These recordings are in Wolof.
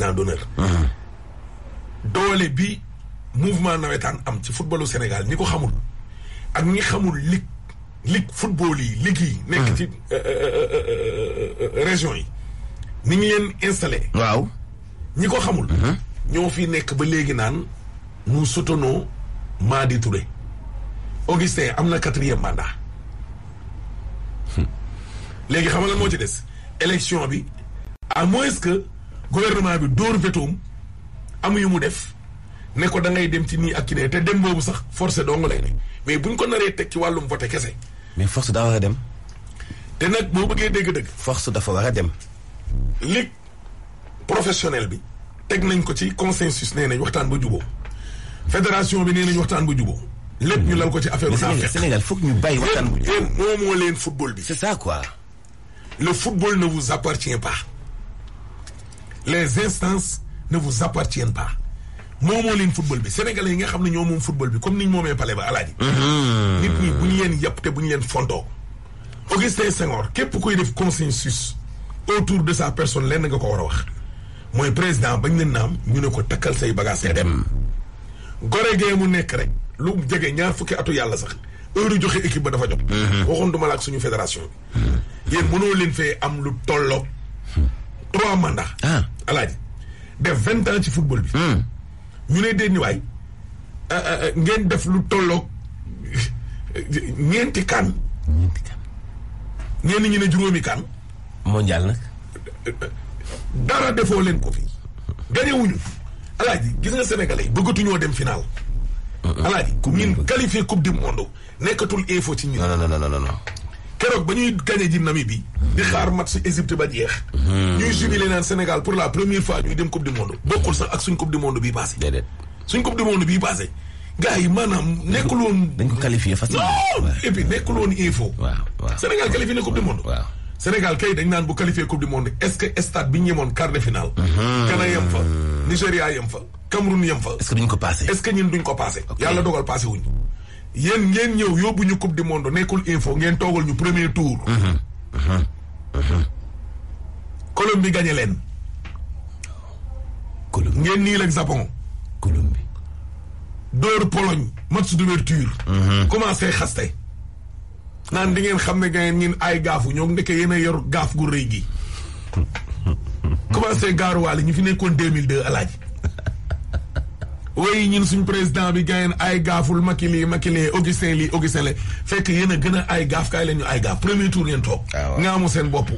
président d'honneur doole bi mouvement nawetaan am ci footballu Sénégal ñi ko xamul ak ñi xamul ligue ligue football yi ligue yi nekk ci euh, euh, euh, région yi ni ñu leen installé waaw ñi ko xamul ñoo fi nekk ba léegi naan nous soutenons Madi Touré Augustin am na quatrième mandat léegi xam nga moo ci des élection bi à moins que gouvernement bi dóor vetoom am yu mu def ne ko da ngay dem ci nii ak ci ne te dem boobu sax forcé dong lay ne mais buñ ko naree teg ci wàllum vote kese. mais force daa war a dem. te nag boo bëggee dégg-dëgg. force dafa war a dem. ligue professionnelle bi teg nañ ko ci consensus nee nañ waxtaan ba juboo fédération bi nee nañ waxtaan ba juboo lépp ñu lal ko ci affaire bi. Sénégal foog ñu bàyyi waxtaan bu juboo yéen moomoo leen football bi. c'est ça quoi. le football ne vous appartient pas. les instances ne vous appartiennent pas moo moo leen football bi sénégalais yi nga xam ne ñoo moom football bi comme ni ñu moomee palais ba alaaji mhm. nit ñi bu ñu leen yàpp te bu ñu leen fontoo Augustin Senghor képp koy def consensus autour de sa personne nga ko war a wax mooy président bañ leen naam ñu ne ko takkal say bagages nga dem gore gee mu nekk rek lu jege ñaar fukki atu yàlla sax heure joxe équipe ba dafa jot mhm. waxoon duma la ak suñu fédération bi mhm. yéen mënoo leen fee am lu tolloo trois mandats. ah alaaji def vingt ans ci football bi. Hmm. ñu ne déet ni euh, euh, euh, ngeen def lu tollook ñeenti kan. ñeenti kan. ñenn ñi ne juróomi kan. mondial nag. dara defoo leen ko fi. gagné wuñu alaaji gis nga sénégalais yi bëggatuñoo dem final. alaaji ñun qualifié coupe du monde nekkatul info ci ñu non non non non non. keroog ba ñuy gagné ji Namibie di xaar match Égypte ba jeex. Hmm. ñuy jubilé naan Sénégal pour la première fois ñuy dem coupe du monde bokkul sax ak suñ coupe du monde bii passé. suñ coupe du monde bii passé. gars yi maanaam nekkul dañ ko qualifié facilement. non et puis nekkul woon info. waaw waaw Sénégal qualifié na coupe du monde. Sénégal kay dañ naan bu qualifié coupe du monde est que stade bi ñu yemoon quart de finale. Hmm. fa. Nigéria yem fa. Cameroun yem fa. est que duñ ko yéen ngeen ñëw yóbbu ñu ko du monde nekkul info ngeen toogal ñu premier tour. Colombie gagné leen. Colombie ngeen niil ak Japon. Colombie. dóor Pologne match d'ouverture. commencé xaste. naan di ngeen xam ne ngeen ñun ay gaafu ñoo ngi nekk yéen a yor gaaf gu rëy gi. commencé gaaruwaale ñu fi nekkoon 2002 alaaji. way ñun suñu président bi gayeen ay gaaful Macky lii Macky lee Augustin lii Augustin le fekk yéen gën a ay gaaf kaay leen ñu ay gaaf premier tour ngeen toog ah, nga seen bopp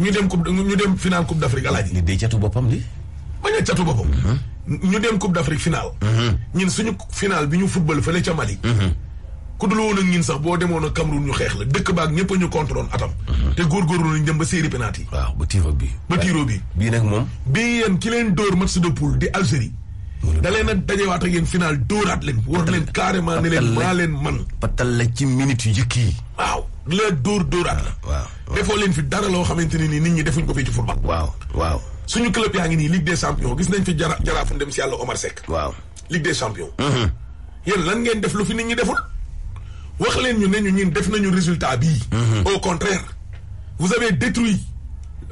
ñu dem coupe ñu dem final coupe d'Afrique alaaji li day catu boppam li bañ a catu boppam mm-hmm. ñu dem coupe d'Afrique final mm-hmm. ñun suñu final bi ñu football fële ca Mali mm-hmm. ku dul woon ak ñun sax boo demoon ak Cameroun ñu xeex la dëkk baak ñëpp a ñu contrôle atam te góorgóorlu nañ dem ba série penalty waaw ba tiro bi bi bii nag moom bii ki leen dóor match de poule di Algérie da leen a dajewaat ak yéen final dóoraat leen. war leen carrément ne leen maa leen man patal la ci minute yu njëkk yi. waaw la dóor dóoraat la. waaw defoo leen fi dara loo xamante ne nii nit ñi defuñ ko fii ci football. waaw waaw. suñu club yaa ngi nii Ligue des champions gis nañ fi jara jaraafu dem si yàlla Omar Seck. waaw Ligue des champions. Mm-hmm. yéen lan ngeen def lu fi nit ñi deful. wax leen ñu ne ñu ñun def nañu résultat bii. Mm-hmm. au contraire. vous avez détruit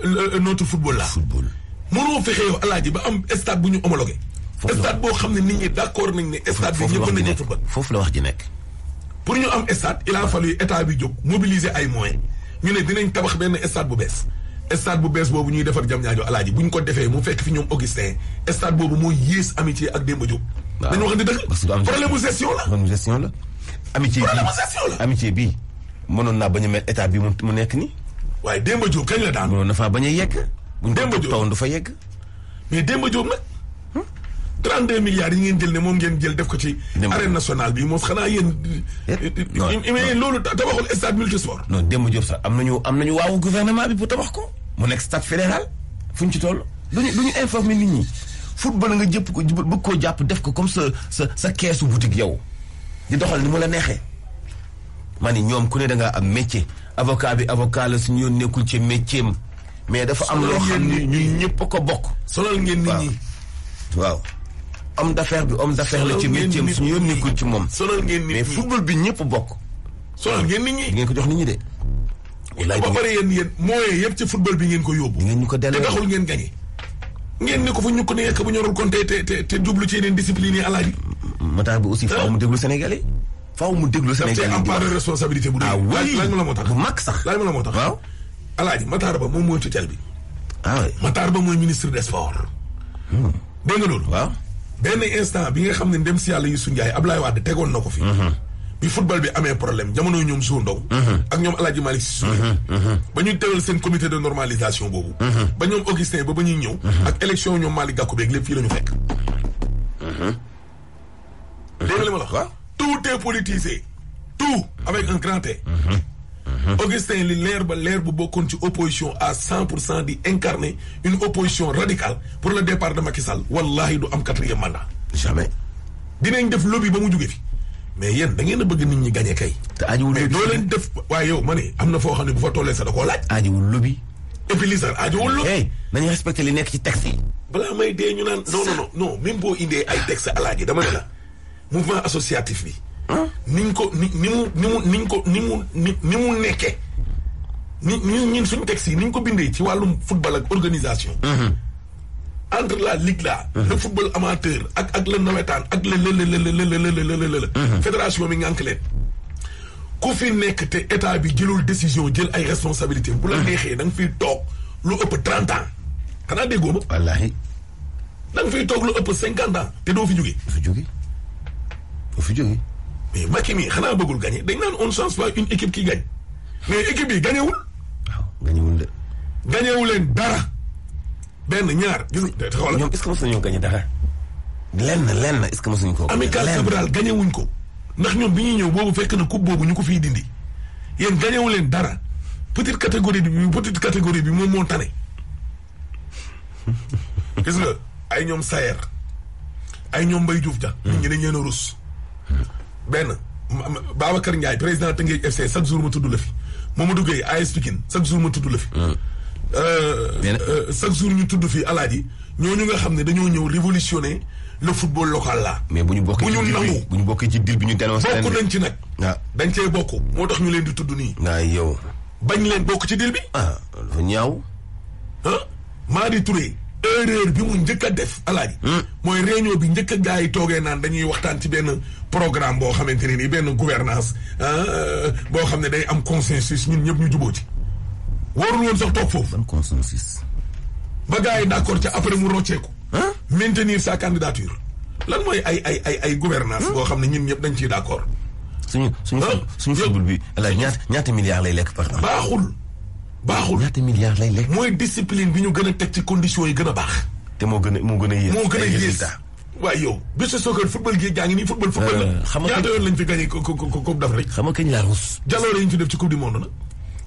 euh, euh, notre football là. football mënoo fexe yow alaaji ba am stade bu ñu homologué. stade boo xam ne nit ñi d' accord nañ ne stade bi ñëpp nañu football foofu la wax ji nekk pour ñu am stade il a fallu état bi jóg mobiliser ay moyens ñu ne dinañ tabax benn stade bu bees stade boobu ñuy defar jam ñaajo alaaji bu ñu ko defee mu fekk fi ñoom Augustin stade boobu moo yées amitié ak Demba Diop dañu wax ne dëgg problème bu gestion la problème bu gestion la amitié bi amitié bi mënoon naa bañ a mel état bi mu nekk ni waaye Demba Diop kañ la daan mënoon na faa bañ a yegg buñ ko tawoon du fa yegg mais Demba Diop nag 32 milliards yi ngeen jël ne moom ngeen jël def ko ci. arène nationale bi moom xanaa yéen. mais loolu tabaxul stade multisport. non démb Diop sax am nañu am nañu waawu gouvernement bi pour tabax ko mu nekk stade fédéral fu ñu ci toll duñu duñu informer nit ñi football nga jëpp ko bëgg koo jàpp def ko comme sa sa keesu boutique yow di doxal ni mu la neexee. ma ni ñoom ku ne da ngaa am métier avocat bi avocat la suñu yoon nekkul ci métier mais dafa am loo xam ne ñun ñëpp ko bokk. solal ngeen nit ñi homme d'affaires bi homme d'affaires la ci métier am suñu yoon nekkul ci moom. mais football bi ñëpp bokk. solal ngeen nit ñi ngeen ko jox nit ñi de. wallaay ba pare yéen yéen mooyee bi ngeen ko yóbbu. ngeen ñu ko delloo te taxul ngeen gañe. ngeen ne ko fa ñu ko ne yekk bu ñorul kon te te te jublu ci yeneen discipline yi alaaji. bi aussi faaw mu déglu Sénégalais. faaw mu déglu Sénégalais bu dee. ah oui laaj mag sax. laaj ma la moo tax waaw. alaaji Matar ba moom mooy tutelle bi. ah oui Matar ba mooy ministre des sports. Hmm. dégg nga benn instant bi nga xam ne ndem si yàlla Youssou Ndiaye Ablaye Wade tegoon na ko fi. Mhm. bi football bi amee problème jamono ñoom Sow Ndong. Mhm. ak ñoom El Hadj Malick Sy mhm. ba ñu teewal seen comité de normalisation boobu. ba ñoom Augustin ba ba ñuy ñëw. ak élection ñoom Malick Gakou beeg lépp fii la ñu fekk. dégg nga li ma la wax. tout est politisé. tout avec un grand T. Mhm. Augustin li leer ba leer bu bokkoon ci opposition à cent pour cent di incarner une opposition radicale pour le départ de Macky Sall wallahi du am quatrième mandat. jamais. dinañ def lobby ba mu jóge fi mais yéen da ngeen a bëgg nit ñi gagné kay. te aajuwul lobby mais doo leen def waaye yow ma ne am foo xam ne bu fa tollee sa da koo laaj. aajuwul lobby. et puis lii sax aajuwul lobby. nañu respecté li nekk ci texte yi. balaa may dee ñu naan. non non non même boo indee ay texte alaaji dama ne la mouvement associatif bi. ni ñu ko ni ni mu ni ko ni mu ni ni nekke nekkee ni ñu ñun suñu texte yi ni ko bindee ci wàllum football ak organisation. entre la ligue là. le football amateur ak ak le ak le le le le le le le fédération bi ngànk leen. ku fi nekk te état bi jëlul décision jël ay responsabilités. bu la neexee da nga fiy toog lu ëpp trente ans. xanaa déggoo ma. wallaahi. da fi toog lu ëpp cinquant ans. te doo fi jógee. doo fi jógee fi jógee. mais Macky mii xanaa bëggul gagné dañ naan on ne change pas une équipe qui gagne mais équipe yi gagné wul. waaw gagné wul leen dara. benn ñaar gis ñoom est-ce que mos nañoo gagné dara. lenn lenn est-ce que mos nañu ko. lenn ñoom bi ñuy ñëw boobu fekk na coupe boobu ñu ko fii dindi. yéen gagné leen dara petite catégorie bi petite catégorie bi moom moo tane. gis nga ay ñoom Sayer ay ñoom Mbaye Diouf ja. nit ñi a rus. benn Babacar Ndiaye président Tëngéej FC chaque jour ma tudd la fi Mamadou Gueye AS Pikine chaque jour ma tudd la fi. Hmm. Euh, euh, chaque jour ñu tudd fi ñoo ñu nga xam ne dañoo ñëw révolutionner le football local la mais bu ñu bokkee ci bu ñu bokkee ci dil bi ñu dénoncé bokk dañ ci nag. waaw ah. dañ cee bokk. moo tax ñu leen di tudd nii. waaye yow. bañ leen bokk ci dil bi. Ah, ñaaw. ah Madi Touré. erreur bi mu njëkk a def alaaji hmm. mooy réunion bi njëkk a gars yi toogee naan dañuy waxtaan ci benn programme boo xamante ne nii benn gouvernance ah, euh, boo xam ne day am consensus ñun ñëpp ñu juboo ci warul woon sax toog foofu ban consensus ba gars yi d'accord ca après mu rocceeku maintenir sa candidature lan mooy ay ay ay ay gouvernance hmm? boo xam ne ñun ñëpp dañ ciy d'accord suñu suñu suñu faible bi alaaji ñaata ñaata milliards lay lekk par an baaxul baaxul ñaata milliards lay lekk. mooy discipline bi ñu gën a teg ci conditions yi gën a baax. te moo gën a moo gën a moo gën a yées waaye yow. bi sa soccer football gi jaa ngi nii football. football la euh, ñaata yoon lañ fi gagné coupe d'Afrique. xam nga kañ laa rus. jaloore ñu def ci coupe du monde na.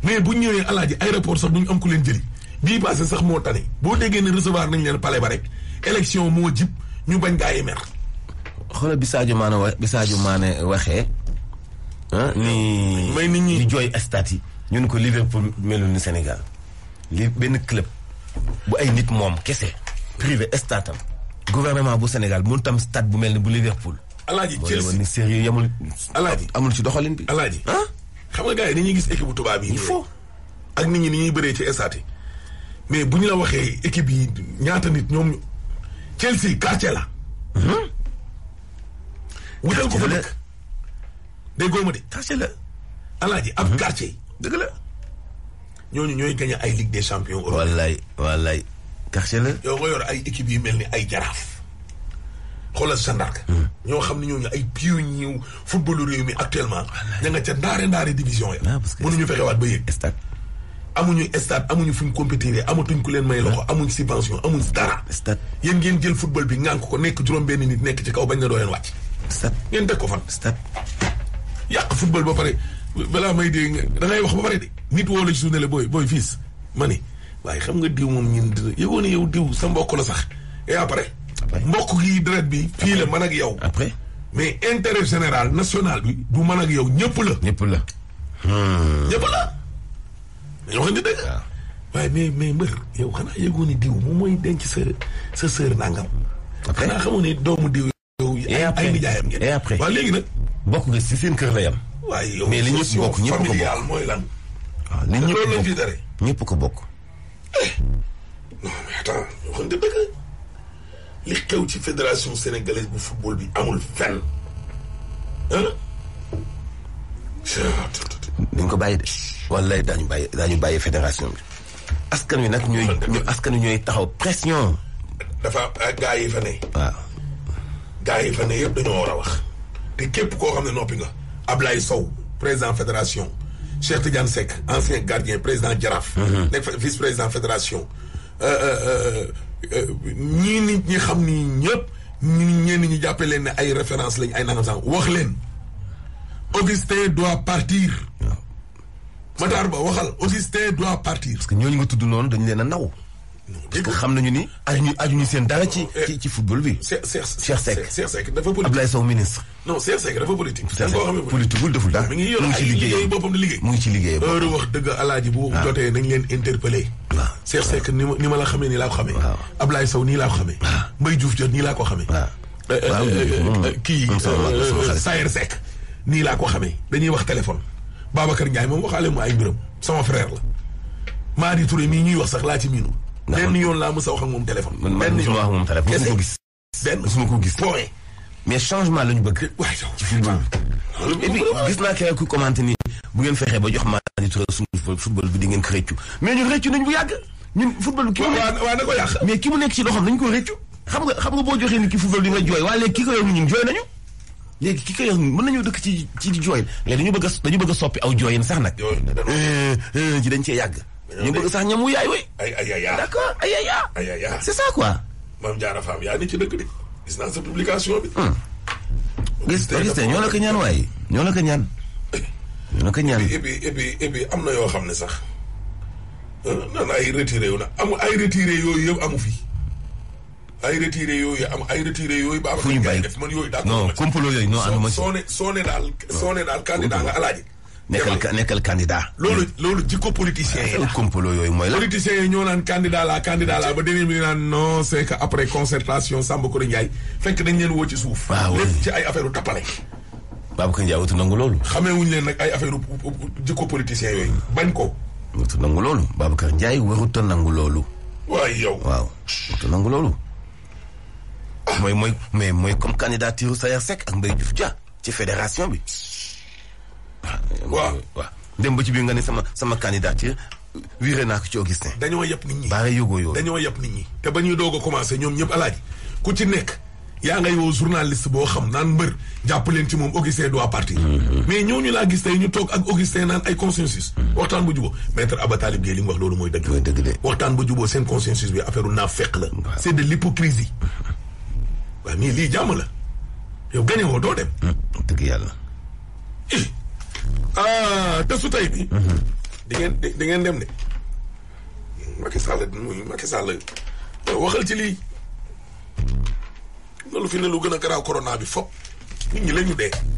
mais bu ñu ñëwee alaaji aéroport sax du ñu am ku leen jëli. bii passé sax moo tane. boo déggee ne recevoir nañ leen palais ba rek. élection moo jib ñu bañ gaa yi mer. xoolal bi Sadio Mané wa bi Sadio Mané waxee. ah ni may nit ñi jooy stade yi ñu ne ko Liverpool melul ni Sénégal benn club bu ay nit moom kese privé statam gouvernement bu Sénégal mun tam stade bu mel ni bu Liverpool. alaaji Chelsea ni sérieux yamul. alaaji amul ci doxalin bi. alaaji ah? xam nga gars yi ni ñuy gis équipe bu tubaab yi. il ak nit ñi ni ñuy bëree ci stade mais bu la waxee équipe yi ñaata nit ñoom Chelsea quartier la. Hmm? wutal ko fa dëkk. déggoo ma de quartier la. alaaji ab hmm? quartier. dëgg la ñooñu ñooy gagné ay Ligue des champions. wallaay wallaay. quartier la. yow nga yor ay équipe yu mel ni ay jaraaf. xoolal sa ndark. Hmm. ñoo xam ni ñooñu ay pionniers wu footballu réew mi actuellement. ña nga ca ndaare ndaare division ya. ah parce que mënuñu fexe waat ba yëg. stade amuñu stade amuñu fuñ compétiré amatuñ ku leen may loxo amuñ subvention amuñ dara. stade yéen ngeen jël football bi ngànk ko nekk juróom-benn nit nekk ci kaw bañ na doo leen wàcc. stade ngeen teg ko yàq football ba pare. balaa may dégg da ngay wax ba pare de nit woo la ci suuna la booy booy fiis ma ni waaye xam nga diw moom ñun dina yëgoon ne yow diw sa mbokk la sax et après. mbokk gi deret bi. fii la man ak yow. après mais intérêt général national bi du man ak yow ñëpp la. ñëpp la. Hmm. ñëpp xam ne dëgg. Ah. waaye mais mais mbër yow xanaa yëgoon ne diw moom mooy denc sa sa sœur nangam. après xanaa xamoo ne doomu diw. yow ay nijaayam ngeen. et léegi nag. bokk nga si seen kër la yam. waaye yow mais li ñëpp bokk ñëpp ko bokk mooy lan. waaw ah, li ñëpp bokk ñëpp ko bokk. Eh. xew ci fédération sénégalaise bu football bi amul fenn. dañ ko bàyyi de. wallaay daañu bàyyi daañu bàyyi fédération bi. askan wi nag ñooy askan wi ñooy taxaw pression. dafa ah, gaa yi fa ne. waaw. gaa fa ne yëpp dañoo war a wax. te képp koo xam ne noppi nga. ay Sow président fédération Cheikh Tidiane Seck ancien gardien président Jaraaf. Mhm. nekk vice président fédération. Euh, euh, euh, ñii nit ñi xam ni ñëpp ñun ñenn ñi jàppee leen ne ay référence lañ ay nangam sax wax leen. Augustin doit partir. Ah. Matar Ba waxal Augustin doit partir. parce que ñooñu nga tudd noonu dañu leen a naw. parce que xam nañu ni ajuñu ajuñu seen dara ci eh, ci ci football bi. Cheikh Seck Cheikh Seck dafa politique Abdoulaye Sow ministre. non Cheikh Seck dafa politique. Cheikh Seck politique deful dara. mu ngi yor ay liggéey boppam di liggéey mu ngi ci liggéey heure wax dëgg alaaji bu jotee nañ leen interpellé. waaw Cheikh Seck ni ma ni ma la xamee nii laa ko xamee. waaw Abdoulaye Sow nii laa ko xamee. Mbaye Diouf jot nii laa ko xamee. waaw eh, eh, kii Sayer Seck nii laa ko xamee dañuy wax téléphone Babacar Ndiaye moom waxaale mu ay mbiram sama frère la maa di Touré mii ñuy wax sax laa ci miinu benn yoon laa a wax ak moom téléphone. mais changement la ñu bëgg. waaw ci football bi. naa keneen ku ni bu ngeen fexee ba jox Malick Touré suñu football bi di ngeen ko rëccu mais ñun rëccu nañ bu yàgg ñun football. ki mu nekk waaw na ko mais ki mu nekk ci loxoom nañ ko rëccu. xam xam nga boo joxee ni ki football di jooy waaye léegi ki ko yor ñun jooy nañu. léegi ki ko yor mën nañoo dëkk ci ci jooy léegi dañu bëgg a dañu bëgg a soppi aw jooyin sax nag. ci euh, euh, dañ cee yàgg ñu bëgg sax ñamu yaay we ay ay ay yaa d'accord ay ay yaa c'est ça quoi maam jaara faam yaa ni ci dëkk di gis naa sa publication bi hmm. gis gis ñoo la ko ñaan waaye ñoo la ko ñoo la ko ñaan et puis am na yoo xam ne sax ah, naan ay retiré yu na am ay retiré yooyu yëpp amu fi ay retiré yooyu am ay retiré yooyu ba am def man yooyu daa non complot yooyu non anduma ci daal soo ne daal nekkal nekkal candidat. loolu hmm. loolu jikko politicien yi la. complot yooyu mooy la politicien yi ñoo naan candidat la candidat la ba dernier bi naan non c'est que après concertation Samba Kodo fekk dañ leen woo ci suuf. waaw ah, lépp ci ay affaire tappale. Babacar Ndiaye wutu nangu loolu. xamee wuñu leen nag ay affaire jikko politicien yooyu bañ ko. wutu nangu loolu Babacar Ndiaye waruta nangu loolu. waay yow waaw wutu nangu loolu. Ah. mooy mooy mais mooy comme candidature Sayar Seck ak Mbaye Diouf Dia ci fédération bi. waaw waaw dem ba ci biir nga ne sama sama candidature wiré naa ko ci Augustin. dañoo yëpp nit ñi baare yógoo yooyu dañoo yëpp nit ñi te ba ñuy doog a commencé ñoom ñëpp alaaji ku ci nekk yaa ngay woo journaliste boo xam naan mbër jàpp leen ci moom Augustin doit partir mm-hmm. mais ñu laa gis tey ñu toog ak Augustin naan ay consensus mm-hmm. waxtaan bu juboo maître Abba Talib Gueye li mu wax loolu mooy dëgg dëgg de waxtaan bu juboo seen consensus bi affaire u naa fekk la c'est de l'hypocrisie waaye mais lii jàmm la yow gañewoo doo dem mm, dëgg yàlla eh, ah desu tey bi. Mhm. di ngeen di ngeen dem de. Macky Sall muy Macky Sall eh, waxal ci lii loolu fi ne lu gën a garaaw corona bi fop nit ñi la ñu dee.